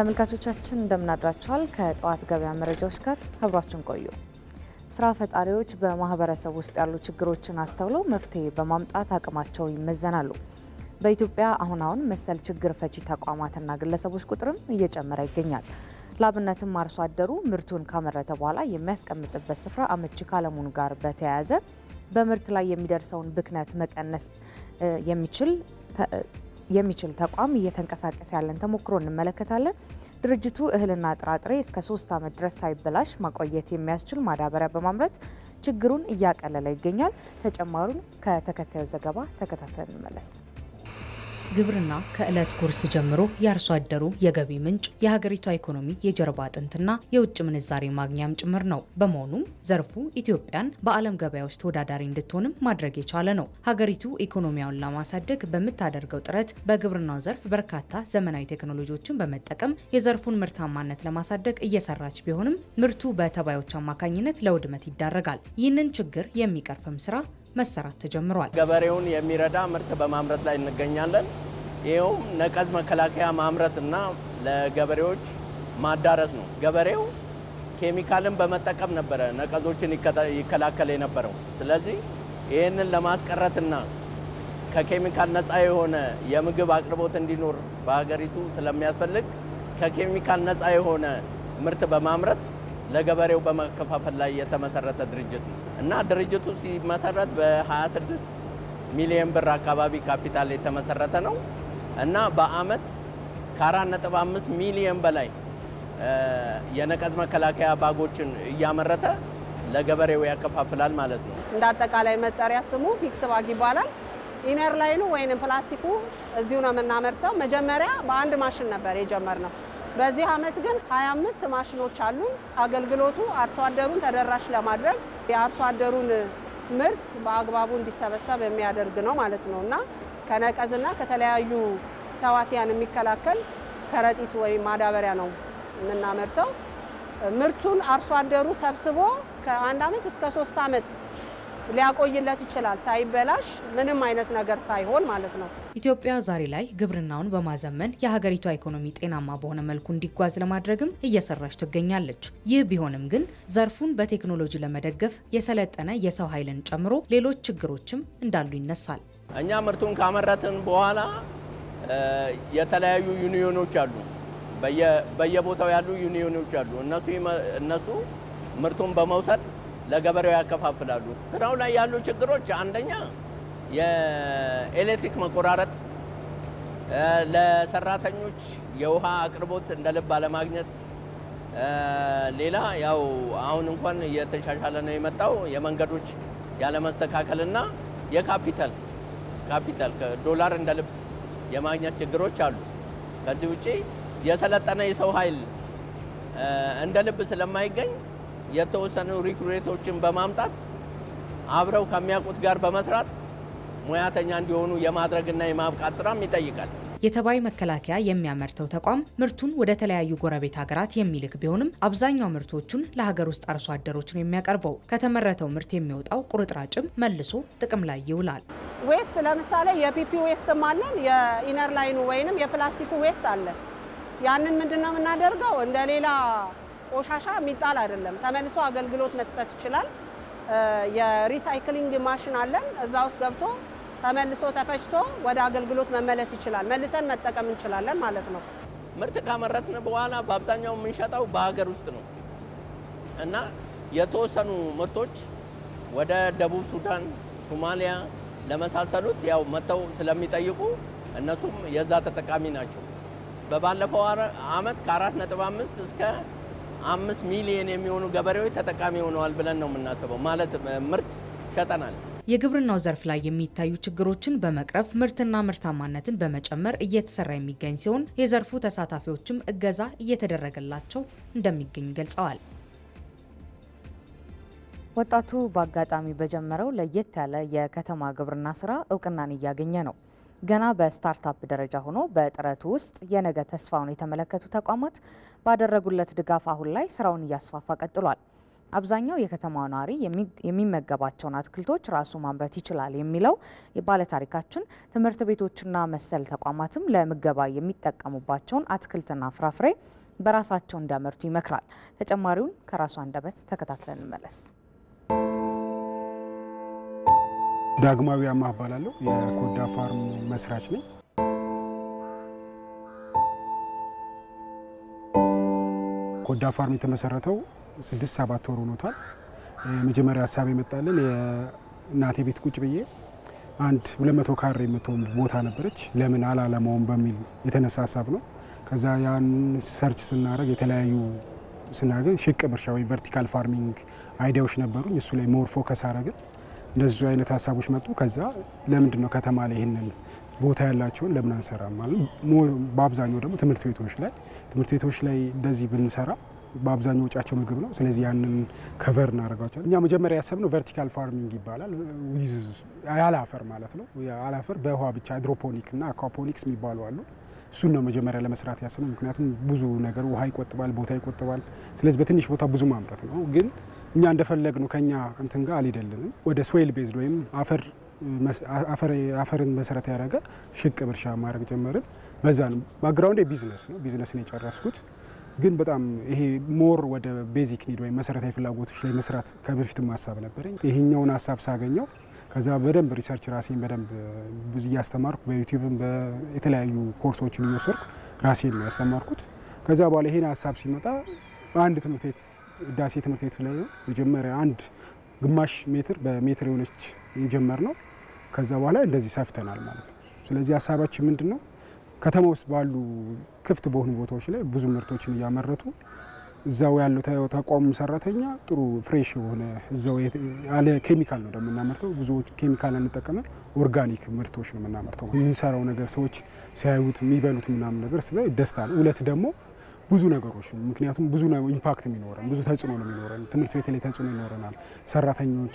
ተመልካቾቻችን እንደምናድራችኋል። ከጠዋት ገበያ መረጃዎች ጋር አብራችን ቆዩ። ስራ ፈጣሪዎች በማህበረሰብ ውስጥ ያሉ ችግሮችን አስተውለው መፍትሄ በማምጣት አቅማቸው ይመዘናሉ። በኢትዮጵያ አሁን አሁን መሰል ችግር ፈቺ ተቋማትና ግለሰቦች ቁጥርም እየጨመረ ይገኛል። ላብነትም አርሶ አደሩ ምርቱን ካመረተ በኋላ የሚያስቀምጥበት ስፍራ አመቺ ካለመሆኑ ጋር በተያያዘ በምርት ላይ የሚደርሰውን ብክነት መቀነስ የሚችል የሚችል ተቋም እየተንቀሳቀሰ ያለን ተሞክሮ እንመለከታለን። ድርጅቱ እህልና ጥራጥሬ እስከ ሶስት ዓመት ድረስ ሳይበላሽ ማቆየት የሚያስችል ማዳበሪያ በማምረት ችግሩን እያቀለለ ይገኛል። ተጨማሩን ከተከታዩ ዘገባ ተከታተል እንመለስ። ግብርና ከዕለት ጉርስ ጀምሮ የአርሶ አደሩ የገቢ ምንጭ፣ የሀገሪቷ ኢኮኖሚ የጀርባ አጥንትና የውጭ ምንዛሬ ማግኛም ጭምር ነው። በመሆኑም ዘርፉ ኢትዮጵያን በዓለም ገበያዎች ተወዳዳሪ እንድትሆንም ማድረግ የቻለ ነው። ሀገሪቱ ኢኮኖሚያውን ለማሳደግ በምታደርገው ጥረት በግብርናው ዘርፍ በርካታ ዘመናዊ ቴክኖሎጂዎችን በመጠቀም የዘርፉን ምርታማነት ለማሳደግ እየሰራች ቢሆንም ምርቱ በተባዮች አማካኝነት ለውድመት ይዳረጋል። ይህንን ችግር የሚቀርፍም ስራ መሰራት ተጀምሯል። ገበሬውን የሚረዳ ምርት በማምረት ላይ እንገኛለን። ይኸውም ነቀዝ መከላከያ ማምረት እና ለገበሬዎች ማዳረስ ነው። ገበሬው ኬሚካልን በመጠቀም ነበረ ነቀዞችን ይከላከል የነበረው። ስለዚህ ይህንን ለማስቀረትና ከኬሚካል ነፃ የሆነ የምግብ አቅርቦት እንዲኖር በሀገሪቱ ስለሚያስፈልግ ከኬሚካል ነፃ የሆነ ምርት በማምረት ለገበሬው በመከፋፈል ላይ የተመሰረተ ድርጅት ነው እና ድርጅቱ ሲመሰረት በ26 ሚሊዮን ብር አካባቢ ካፒታል የተመሰረተ ነው እና በአመት ከ4.5 ሚሊዮን በላይ የነቀዝ መከላከያ ባጎችን እያመረተ ለገበሬው ያከፋፍላል ማለት ነው። እንደ አጠቃላይ መጠሪያ ስሙ ፊክስ ባግ ይባላል። ኢነር ላይኑ ወይንም ፕላስቲኩ እዚሁ ነው የምናመርተው። መጀመሪያ በአንድ ማሽን ነበር የጀመርነው። በዚህ አመት ግን 25 ማሽኖች አሉ። አገልግሎቱ አርሶ አደሩን ተደራሽ ለማድረግ የአርሶ አደሩን ምርት በአግባቡ እንዲሰበሰብ የሚያደርግ ነው ማለት ነው እና ከነቀዝና ከተለያዩ ተዋሲያን የሚከላከል ከረጢት ወይም ማዳበሪያ ነው የምናመርተው። ምርቱን አርሶ አደሩ ሰብስቦ ከአንድ አመት እስከ ሶስት አመት። ሊያቆይለት ይችላል ሳይበላሽ ምንም አይነት ነገር ሳይሆን ማለት ነው። ኢትዮጵያ ዛሬ ላይ ግብርናውን በማዘመን የሀገሪቷ ኢኮኖሚ ጤናማ በሆነ መልኩ እንዲጓዝ ለማድረግም እየሰራች ትገኛለች። ይህ ቢሆንም ግን ዘርፉን በቴክኖሎጂ ለመደገፍ የሰለጠነ የሰው ኃይልን ጨምሮ ሌሎች ችግሮችም እንዳሉ ይነሳል። እኛ ምርቱን ካመረትን በኋላ የተለያዩ ዩኒዮኖች አሉ፣ በየቦታው ያሉ ዩኒዮኖች አሉ። እነሱ ምርቱን በመውሰድ ለገበሬው ያከፋፍላሉ። ስራው ላይ ያሉ ችግሮች አንደኛ የኤሌክትሪክ መቆራረጥ፣ ለሰራተኞች የውሃ አቅርቦት እንደ ልብ አለማግኘት፣ ሌላ ያው አሁን እንኳን እየተሻሻለ ነው የመጣው የመንገዶች ያለመስተካከልና የካፒታል ካፒታል ዶላር እንደ ልብ የማግኘት ችግሮች አሉ። ከዚህ ውጪ የሰለጠነ የሰው ኃይል እንደ ልብ ስለማይገኝ የተወሰኑ ሪክሩቶችን በማምጣት አብረው ከሚያውቁት ጋር በመስራት ሙያተኛ እንዲሆኑ የማድረግና የማብቃት ስራም ይጠይቃል። የተባይ መከላከያ የሚያመርተው ተቋም ምርቱን ወደ ተለያዩ ጎረቤት ሀገራት የሚልክ ቢሆንም አብዛኛው ምርቶቹን ለሀገር ውስጥ አርሶ አደሮች ነው የሚያቀርበው። ከተመረተው ምርት የሚወጣው ቁርጥራጭም መልሶ ጥቅም ላይ ይውላል። ዌስት ለምሳሌ የፒፒ ዌስትም አለን፣ የኢነር ላይኑ ወይንም የፕላስቲኩ ዌስት አለን። ያንን ምንድን ነው የምናደርገው እንደ ሌላ ቆሻሻ የሚጣል አይደለም፣ ተመልሶ አገልግሎት መስጠት ይችላል። የሪሳይክሊንግ ማሽን አለን። እዛ ውስጥ ገብቶ ተመልሶ ተፈጭቶ ወደ አገልግሎት መመለስ ይችላል። መልሰን መጠቀም እንችላለን ማለት ነው። ምርት ካመረትን በኋላ በአብዛኛው የምንሸጠው በሀገር ውስጥ ነው እና የተወሰኑ ምርቶች ወደ ደቡብ ሱዳን፣ ሶማሊያ ለመሳሰሉት ያው መጥተው ስለሚጠይቁ እነሱም የዛ ተጠቃሚ ናቸው። በባለፈው አመት ከ4.5 እስከ አምስት ሚሊየን የሚሆኑ ገበሬዎች ተጠቃሚ ሆነዋል ብለን ነው የምናስበው። ማለት ምርት ሸጠናል። የግብርናው ዘርፍ ላይ የሚታዩ ችግሮችን በመቅረፍ ምርትና ምርታማነትን በመጨመር እየተሰራ የሚገኝ ሲሆን የዘርፉ ተሳታፊዎችም እገዛ እየተደረገላቸው እንደሚገኝ ገልጸዋል። ወጣቱ በአጋጣሚ በጀመረው ለየት ያለ የከተማ ግብርና ስራ እውቅናን እያገኘ ነው። ገና በስታርታፕ ደረጃ ሆኖ በጥረቱ ውስጥ የነገ ተስፋውን የተመለከቱ ተቋማት ባደረጉለት ድጋፍ አሁን ላይ ስራውን እያስፋፋ ቀጥሏል። አብዛኛው የከተማ ነዋሪ የሚመገባቸውን አትክልቶች ራሱ ማምረት ይችላል የሚለው ባለታሪካችን ትምህርት ቤቶችና መሰል ተቋማትም ለምገባ የሚጠቀሙባቸውን አትክልትና ፍራፍሬ በራሳቸው እንዲያመርቱ ይመክራል። ተጨማሪውን ከራሱ አንደበት ተከታትለን እንመለስ። ዳግማዊ ያማህ እባላለሁ። የኮዳ ፋርም መስራች ነኝ። ጎዳ ፋርም የተመሰረተው ስድስት ሰባት ወር ሆኖታል። የመጀመሪያ ሀሳብ የመጣልን የእናቴ ቤት ቁጭ ብዬ አንድ ሁለት መቶ ካሬ የምትሆን ቦታ ነበረች ለምን አላለማውም በሚል የተነሳ ሀሳብ ነው። ከዛ ያን ሰርች ስናደረግ የተለያዩ ስናገኝ ሽቅብ እርሻ ወይ ቨርቲካል ፋርሚንግ አይዲያዎች ነበሩኝ። እሱ ላይ ሞር ፎከስ አረግን። አይነት ሀሳቦች መጡ። ከዛ ለምንድን ነው ከተማ ላይ ይህንን ቦታ ያላቸውን ለምን አንሰራ አንሰራም? በአብዛኛው ደግሞ ትምህርት ቤቶች ላይ ትምህርት ቤቶች ላይ እንደዚህ ብንሰራ በአብዛኛው ውጫቸው ምግብ ነው። ስለዚህ ያንን ከቨር እናደርጋቸዋል። እኛ መጀመሪያ ያሰብነው ቨርቲካል ፋርሚንግ ይባላል። ያላፈር ማለት ነው። ያላፈር በውሃ ብቻ ሃይድሮፖኒክ እና አኳፖኒክስ የሚባሉ አሉ። እሱን ነው መጀመሪያ ለመስራት ያሰብነው። ምክንያቱም ብዙ ነገር ውሃ ይቆጥባል፣ ቦታ ይቆጥባል። ስለዚህ በትንሽ ቦታ ብዙ ማምረት ነው። ግን እኛ እንደፈለግ ነው ከኛ እንትን ጋር አልሄደልንም። ወደ ሶይል ቤዝድ ወይም አፈር አፈርን መሰረት ያደረገ ሽቅብ እርሻ ማድረግ ጀመርን። በዛ ነው ባክግራውንዴ ቢዝነስ ነው፣ ቢዝነስ ነው የጨረስኩት። ግን በጣም ይሄ ሞር ወደ ቤዚክ ኒድ ወይም መሰረታዊ ፍላጎቶች ላይ መስራት ከበፊትም ሀሳብ ነበረኝ። ይሄኛውን ሀሳብ ሳገኘው ከዛ በደንብ ሪሰርች ራሴን በደንብ ብዙ እያስተማርኩ በዩቲዩብም የተለያዩ ኮርሶችን እየወሰድኩ ራሴን ነው ያስተማርኩት። ከዛ በኋላ ይሄን ሀሳብ ሲመጣ አንድ ትምህርት ቤት ዳሴ ትምህርት ቤት ላይ ነው መጀመሪያ አንድ ግማሽ ሜትር በሜትር የሆነች የጀመር ነው ከዛ በኋላ እንደዚህ ሰፍተናል ማለት ነው። ስለዚህ ሀሳባችን ምንድን ነው? ከተማ ውስጥ ባሉ ክፍት በሆኑ ቦታዎች ላይ ብዙ ምርቶችን እያመረቱ እዛው ያለው ተቋሙ ሰራተኛ ጥሩ ፍሬሽ የሆነ እዛው ያለ ኬሚካል ነው የምናመርተው። ብዙ ኬሚካል አንጠቀምም፣ ኦርጋኒክ ምርቶች ነው የምናመርተው። የምንሰራው ነገር ሰዎች ሲያዩት የሚበሉት ምናምን ነገር ስለ ደስታ ነው። ሁለት ደግሞ ብዙ ነገሮች ምክንያቱም ብዙ ኢምፓክት የሚኖረን ብዙ ተጽዕኖ ነው የሚኖረን። ትምህርት ቤት ላይ ተጽዕኖ ይኖረናል። ሰራተኞች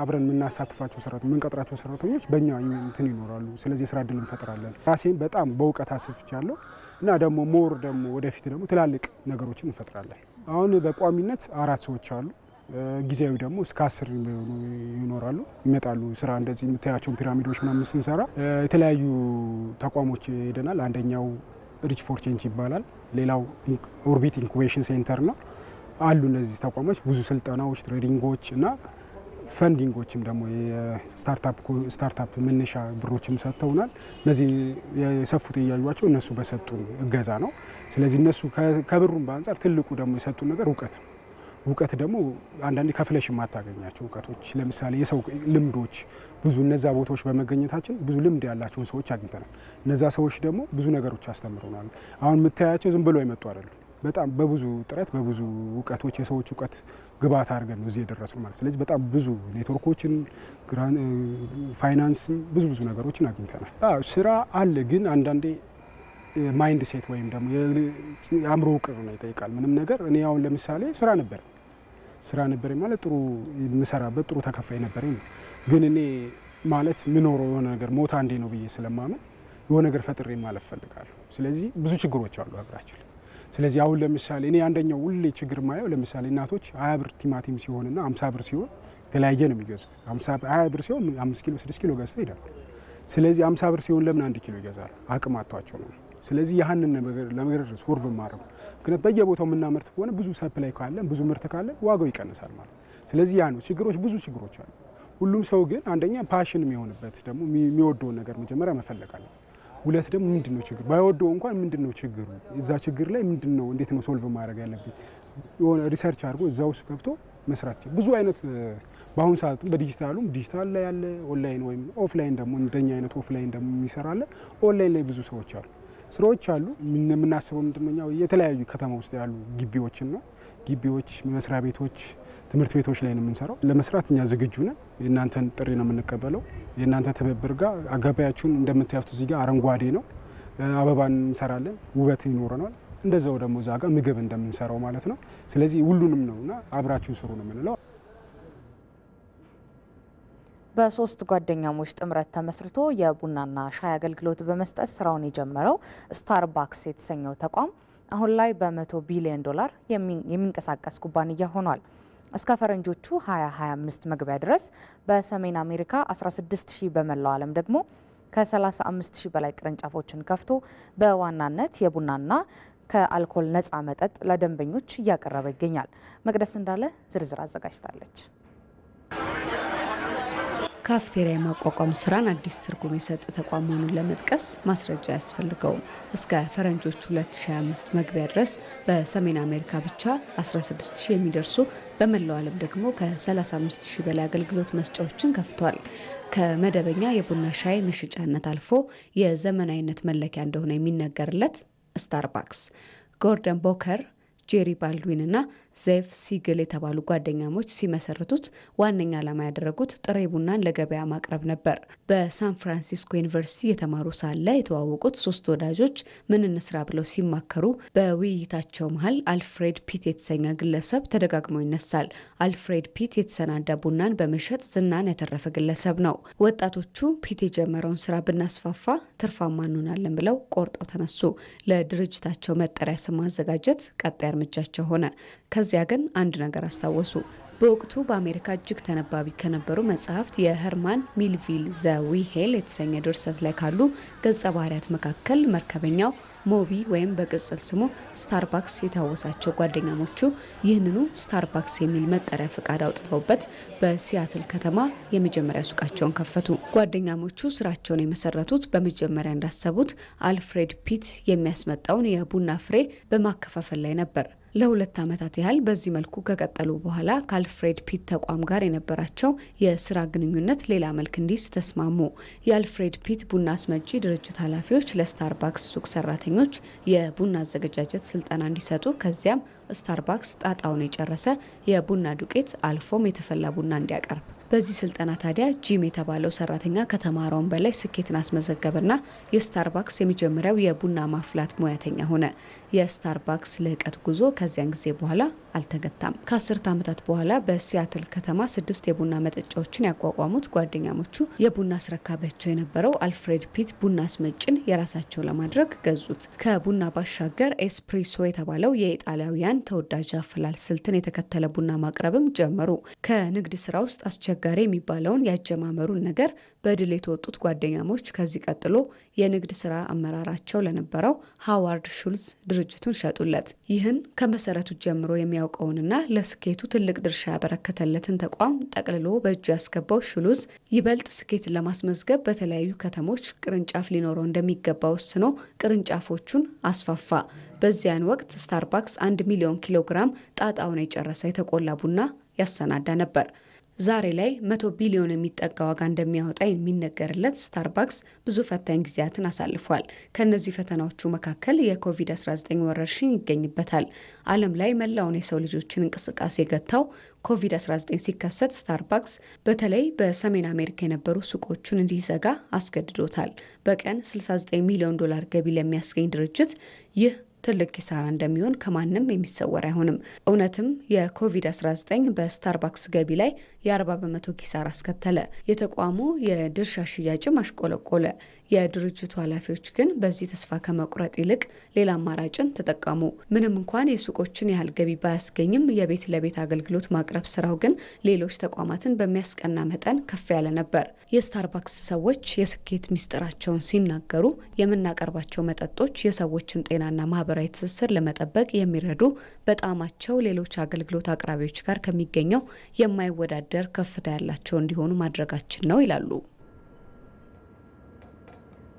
አብረን የምናሳትፋቸው ሰራ የምንቀጥራቸው ሰራተኞች በእኛ እንትን ይኖራሉ። ስለዚህ የስራ እድል እንፈጥራለን። ራሴን በጣም በእውቀት አስፍቻለሁ እና ደግሞ ሞር ደግሞ ወደፊት ደግሞ ትላልቅ ነገሮችን እንፈጥራለን። አሁን በቋሚነት አራት ሰዎች አሉ። ጊዜያዊ ደግሞ እስከ አስር የሚሆኑ ይኖራሉ፣ ይመጣሉ። ስራ እንደዚህ የምታያቸውን ፒራሚዶች ምናምን ስንሰራ የተለያዩ ተቋሞች ሄደናል። አንደኛው ሪች ፎር ቼንጅ ይባላል። ሌላው ኦርቢት ኢንኩቤሽን ሴንተር ነው አሉ። እነዚህ ተቋሞች ብዙ ስልጠናዎች፣ ትሬዲንጎች እና ፈንዲንጎችም ደግሞ ስታርታፕ መነሻ ብሮችም ሰጥተውናል። እነዚህ የሰፉት እያዩቸው እነሱ በሰጡን እገዛ ነው። ስለዚህ እነሱ ከብሩም በአንጻር ትልቁ ደግሞ የሰጡን ነገር እውቀት ነው። እውቀት ደግሞ አንዳንዴ ከፍለሽ የማታገኛቸው እውቀቶች፣ ለምሳሌ የሰው ልምዶች ብዙ እነዛ ቦታዎች በመገኘታችን ብዙ ልምድ ያላቸውን ሰዎች አግኝተናል። እነዛ ሰዎች ደግሞ ብዙ ነገሮች አስተምረውናል አሁን የምታያቸው ዝም ብሎ የመጡ አይደሉም። በጣም በብዙ ጥረት በብዙ እውቀቶች የሰዎች እውቀት ግብዓት አድርገን ነው እዚህ የደረስነው ማለት። ስለዚህ በጣም ብዙ ኔትወርኮችን፣ ፋይናንስም ብዙ ብዙ ነገሮችን አግኝተናል። ስራ አለ፣ ግን አንዳንዴ ማይንድ ሴት ወይም ደግሞ የአእምሮ ውቅር ነው ይጠይቃል። ምንም ነገር እኔ አሁን ለምሳሌ ስራ ነበር ስራ ነበር ማለት ጥሩ የምሰራበት ጥሩ ተከፋይ ነበር። ግን እኔ ማለት ምኖረው የሆነ ነገር ሞታ አንዴ ነው ብዬ ስለማምን የሆነ ነገር ፈጥሬ ማለፍ ፈልጋለሁ። ስለዚህ ብዙ ችግሮች አሉ ሀገራችን ስለዚህ አሁን ለምሳሌ እኔ አንደኛው ሁሌ ችግር ማየው ለምሳሌ እናቶች ሀያ ብር ቲማቲም ሲሆንና አምሳ ብር ሲሆን የተለያየ ነው የሚገዙት። ሀያ ብር ሲሆን አምስት ኪሎ ስድስት ኪሎ ገዝተው ይሄዳሉ። ስለዚህ አምሳ ብር ሲሆን ለምን አንድ ኪሎ ይገዛል አቅም አጥቷቸው ነው። ስለዚህ ያህንን ለመገደር ሶርቭ ማድረጉ ምክንያት በየቦታው የምናመርት ከሆነ ብዙ ሰፕላይ ካለን ብዙ ምርት ካለን ዋጋው ይቀንሳል ማለት። ስለዚህ ያ ነው ችግሮች፣ ብዙ ችግሮች አሉ። ሁሉም ሰው ግን አንደኛ ፓሽን የሚሆንበት ደግሞ የሚወደውን ነገር መጀመሪያ መፈለግ ሁለት ደግሞ ምንድን ነው ችግር ባይወደው እንኳን ምንድን ነው ችግሩ? እዛ ችግር ላይ ምንድን ነው እንዴት ነው ሶልቭ ማድረግ ያለብኝ? የሆነ ሪሰርች አድርጎ እዛ ውስጥ ገብቶ መስራት ብዙ አይነት በአሁኑ ሰዓት በዲጂታሉ ዲጂታል ላይ ያለ ኦንላይን ወይም ኦፍላይን ደግሞ እንደኛ አይነት ኦፍላይን ደግሞ የሚሰራለ ኦንላይን ላይ ብዙ ሰዎች አሉ። ስራዎች አሉ። የምናስበው ምንድነው የተለያዩ ከተማ ውስጥ ያሉ ግቢዎችን ነው። ግቢዎች፣ መስሪያ ቤቶች፣ ትምህርት ቤቶች ላይ ነው የምንሰራው። ለመስራት እኛ ዝግጁ ነን። የእናንተን ጥሪ ነው የምንቀበለው። የእናንተ ትብብር ጋር አጋባያችሁን እንደምታዩት እዚህ ጋር አረንጓዴ ነው። አበባን እንሰራለን፣ ውበት ይኖረናል። እንደዛው ደግሞ እዛ ጋር ምግብ እንደምንሰራው ማለት ነው። ስለዚህ ሁሉንም ነውና አብራችሁ ስሩ ነው የምንለው። በሶስት ጓደኛሞች ጥምረት ተመስርቶ የቡናና ሻይ አገልግሎት በመስጠት ስራውን የጀመረው ስታርባክስ የተሰኘው ተቋም አሁን ላይ በመቶ ቢሊዮን ዶላር የሚንቀሳቀስ ኩባንያ ሆኗል። እስከ ፈረንጆቹ 2025 መግቢያ ድረስ በሰሜን አሜሪካ 16 ሺህ በመላው ዓለም ደግሞ ከ35 ሺህ በላይ ቅርንጫፎችን ከፍቶ በዋናነት የቡናና ከአልኮል ነፃ መጠጥ ለደንበኞች እያቀረበ ይገኛል። መቅደስ እንዳለ ዝርዝር አዘጋጅታለች። ካፍቴሪያ የማቋቋም ስራን አዲስ ትርጉም የሰጠ ተቋም መሆኑን ለመጥቀስ ማስረጃ አያስፈልገውም። እስከ ፈረንጆች 2025 መግቢያ ድረስ በሰሜን አሜሪካ ብቻ 16000 የሚደርሱ በመላው ዓለም ደግሞ ከ35000 በላይ አገልግሎት መስጫዎችን ከፍቷል። ከመደበኛ የቡና ሻይ መሸጫነት አልፎ የዘመናዊነት መለኪያ እንደሆነ የሚነገርለት ስታርባክስ፣ ጎርደን ቦከር፣ ጄሪ ባልድዊን እና ዘይፍ ሲግል የተባሉ ጓደኛሞች ሲመሰርቱት ዋነኛ ዓላማ ያደረጉት ጥሬ ቡናን ለገበያ ማቅረብ ነበር። በሳን ፍራንሲስኮ ዩኒቨርሲቲ የተማሩ ሳለ የተዋወቁት ሶስት ወዳጆች ምን እንስራ ብለው ሲማከሩ በውይይታቸው መሀል አልፍሬድ ፒት የተሰኘ ግለሰብ ተደጋግሞ ይነሳል። አልፍሬድ ፒት የተሰናዳ ቡናን በመሸጥ ዝናን ያተረፈ ግለሰብ ነው። ወጣቶቹ ፒት የጀመረውን ስራ ብናስፋፋ ትርፋማ እንሆናለን ብለው ቆርጠው ተነሱ። ለድርጅታቸው መጠሪያ ስም ማዘጋጀት ቀጣይ እርምጃቸው ሆነ። ከዚያ ግን አንድ ነገር አስታወሱ። በወቅቱ በአሜሪካ እጅግ ተነባቢ ከነበሩ መጽሐፍት የሄርማን ሚልቪል ዘ ዊሄል የተሰኘ ድርሰት ላይ ካሉ ገጸ ባህርያት መካከል መርከበኛው ሞቢ ወይም በቅጽል ስሙ ስታርባክስ የታወሳቸው ጓደኛሞቹ ይህንኑ ስታርባክስ የሚል መጠሪያ ፍቃድ አውጥተውበት በሲያትል ከተማ የመጀመሪያ ሱቃቸውን ከፈቱ። ጓደኛሞቹ ስራቸውን የመሰረቱት በመጀመሪያ እንዳሰቡት አልፍሬድ ፒት የሚያስመጣውን የቡና ፍሬ በማከፋፈል ላይ ነበር። ለሁለት ዓመታት ያህል በዚህ መልኩ ከቀጠሉ በኋላ ከአልፍሬድ ፒት ተቋም ጋር የነበራቸው የስራ ግንኙነት ሌላ መልክ እንዲስ ተስማሙ። የአልፍሬድ ፒት ቡና አስመጪ ድርጅት ኃላፊዎች ለስታርባክስ ሱቅ ሰራተኞች የቡና አዘገጃጀት ስልጠና እንዲሰጡ ከዚያም ስታርባክስ ጣጣውን የጨረሰ የቡና ዱቄት አልፎም የተፈላ ቡና እንዲያቀርብ በዚህ ስልጠና ታዲያ ጂም የተባለው ሰራተኛ ከተማረውን በላይ ስኬትን አስመዘገበና የስታርባክስ የመጀመሪያው የቡና ማፍላት ሙያተኛ ሆነ። የስታርባክስ ልህቀት ጉዞ ከዚያን ጊዜ በኋላ አልተገታም። ከአስርት ዓመታት በኋላ በሲያትል ከተማ ስድስት የቡና መጠጫዎችን ያቋቋሙት ጓደኛሞቹ የቡና አስረካቢያቸው የነበረው አልፍሬድ ፒት ቡና አስመጭን የራሳቸው ለማድረግ ገዙት። ከቡና ባሻገር ኤስፕሪሶ የተባለው የኢጣሊያውያን ተወዳጅ አፈላል ስልትን የተከተለ ቡና ማቅረብም ጀመሩ። ከንግድ ስራ ውስጥ አስቸጋሪ የሚባለውን ያጀማመሩን ነገር በድል የተወጡት ጓደኛሞች ከዚህ ቀጥሎ የንግድ ሥራ አመራራቸው ለነበረው ሃዋርድ ሹልዝ ድርጅቱን ሸጡለት። ይህን ከመሰረቱ ጀምሮ የሚያውቀውንና ለስኬቱ ትልቅ ድርሻ ያበረከተለትን ተቋም ጠቅልሎ በእጁ ያስገባው ሹልዝ ይበልጥ ስኬትን ለማስመዝገብ በተለያዩ ከተሞች ቅርንጫፍ ሊኖረው እንደሚገባ ወስኖ ቅርንጫፎቹን አስፋፋ። በዚያን ወቅት ስታርባክስ አንድ ሚሊዮን ኪሎ ግራም ጣጣውን የጨረሰ የተቆላ ቡና ያሰናዳ ነበር። ዛሬ ላይ መቶ ቢሊዮን የሚጠጋ ዋጋ እንደሚያወጣ የሚነገርለት ስታርባክስ ብዙ ፈታኝ ጊዜያትን አሳልፏል። ከእነዚህ ፈተናዎቹ መካከል የኮቪድ-19 ወረርሽኝ ይገኝበታል። ዓለም ላይ መላውን የሰው ልጆችን እንቅስቃሴ ገታው ኮቪድ-19 ሲከሰት ስታርባክስ በተለይ በሰሜን አሜሪካ የነበሩ ሱቆቹን እንዲዘጋ አስገድዶታል። በቀን 69 ሚሊዮን ዶላር ገቢ ለሚያስገኝ ድርጅት ይህ ትልቅ ኪሳራ እንደሚሆን ከማንም የሚሰወር አይሆንም። እውነትም የኮቪድ-19 በስታርባክስ ገቢ ላይ የ40 በመቶ ኪሳራ አስከተለ። የተቋሙ የድርሻ ሽያጭም አሽቆለቆለ። የድርጅቱ ኃላፊዎች ግን በዚህ ተስፋ ከመቁረጥ ይልቅ ሌላ አማራጭን ተጠቀሙ። ምንም እንኳን የሱቆችን ያህል ገቢ ባያስገኝም የቤት ለቤት አገልግሎት ማቅረብ ስራው ግን ሌሎች ተቋማትን በሚያስቀና መጠን ከፍ ያለ ነበር። የስታርባክስ ሰዎች የስኬት ሚስጥራቸውን ሲናገሩ የምናቀርባቸው መጠጦች የሰዎችን ጤናና ማህበራዊ ትስስር ለመጠበቅ የሚረዱ በጣዕማቸው ሌሎች አገልግሎት አቅራቢዎች ጋር ከሚገኘው የማይወዳደር ከፍታ ያላቸው እንዲሆኑ ማድረጋችን ነው ይላሉ።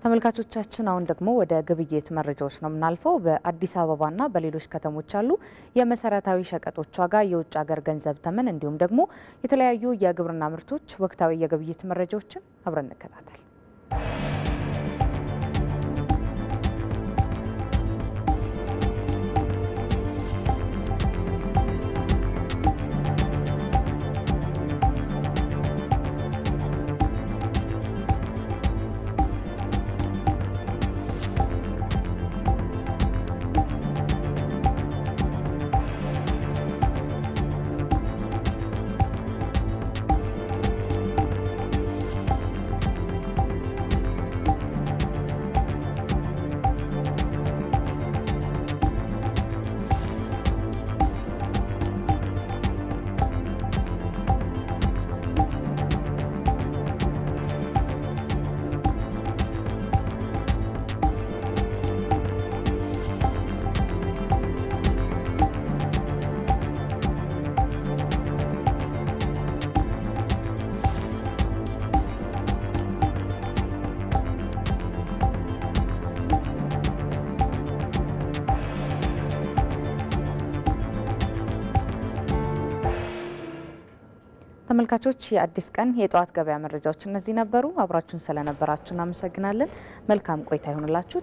ተመልካቾቻችን አሁን ደግሞ ወደ ግብይት መረጃዎች ነው የምናልፈው። በአዲስ አበባና በሌሎች ከተሞች ያሉ የመሰረታዊ ሸቀጦች ዋጋ፣ የውጭ ሀገር ገንዘብ ተመን እንዲሁም ደግሞ የተለያዩ የግብርና ምርቶች ወቅታዊ የግብይት መረጃዎችን አብረን እንከታተል። ተመልካቾች የአዲስ ቀን የጠዋት ገበያ መረጃዎች እነዚህ ነበሩ። አብራችሁን ስለነበራችሁ እናመሰግናለን። መልካም ቆይታ ይሆንላችሁ።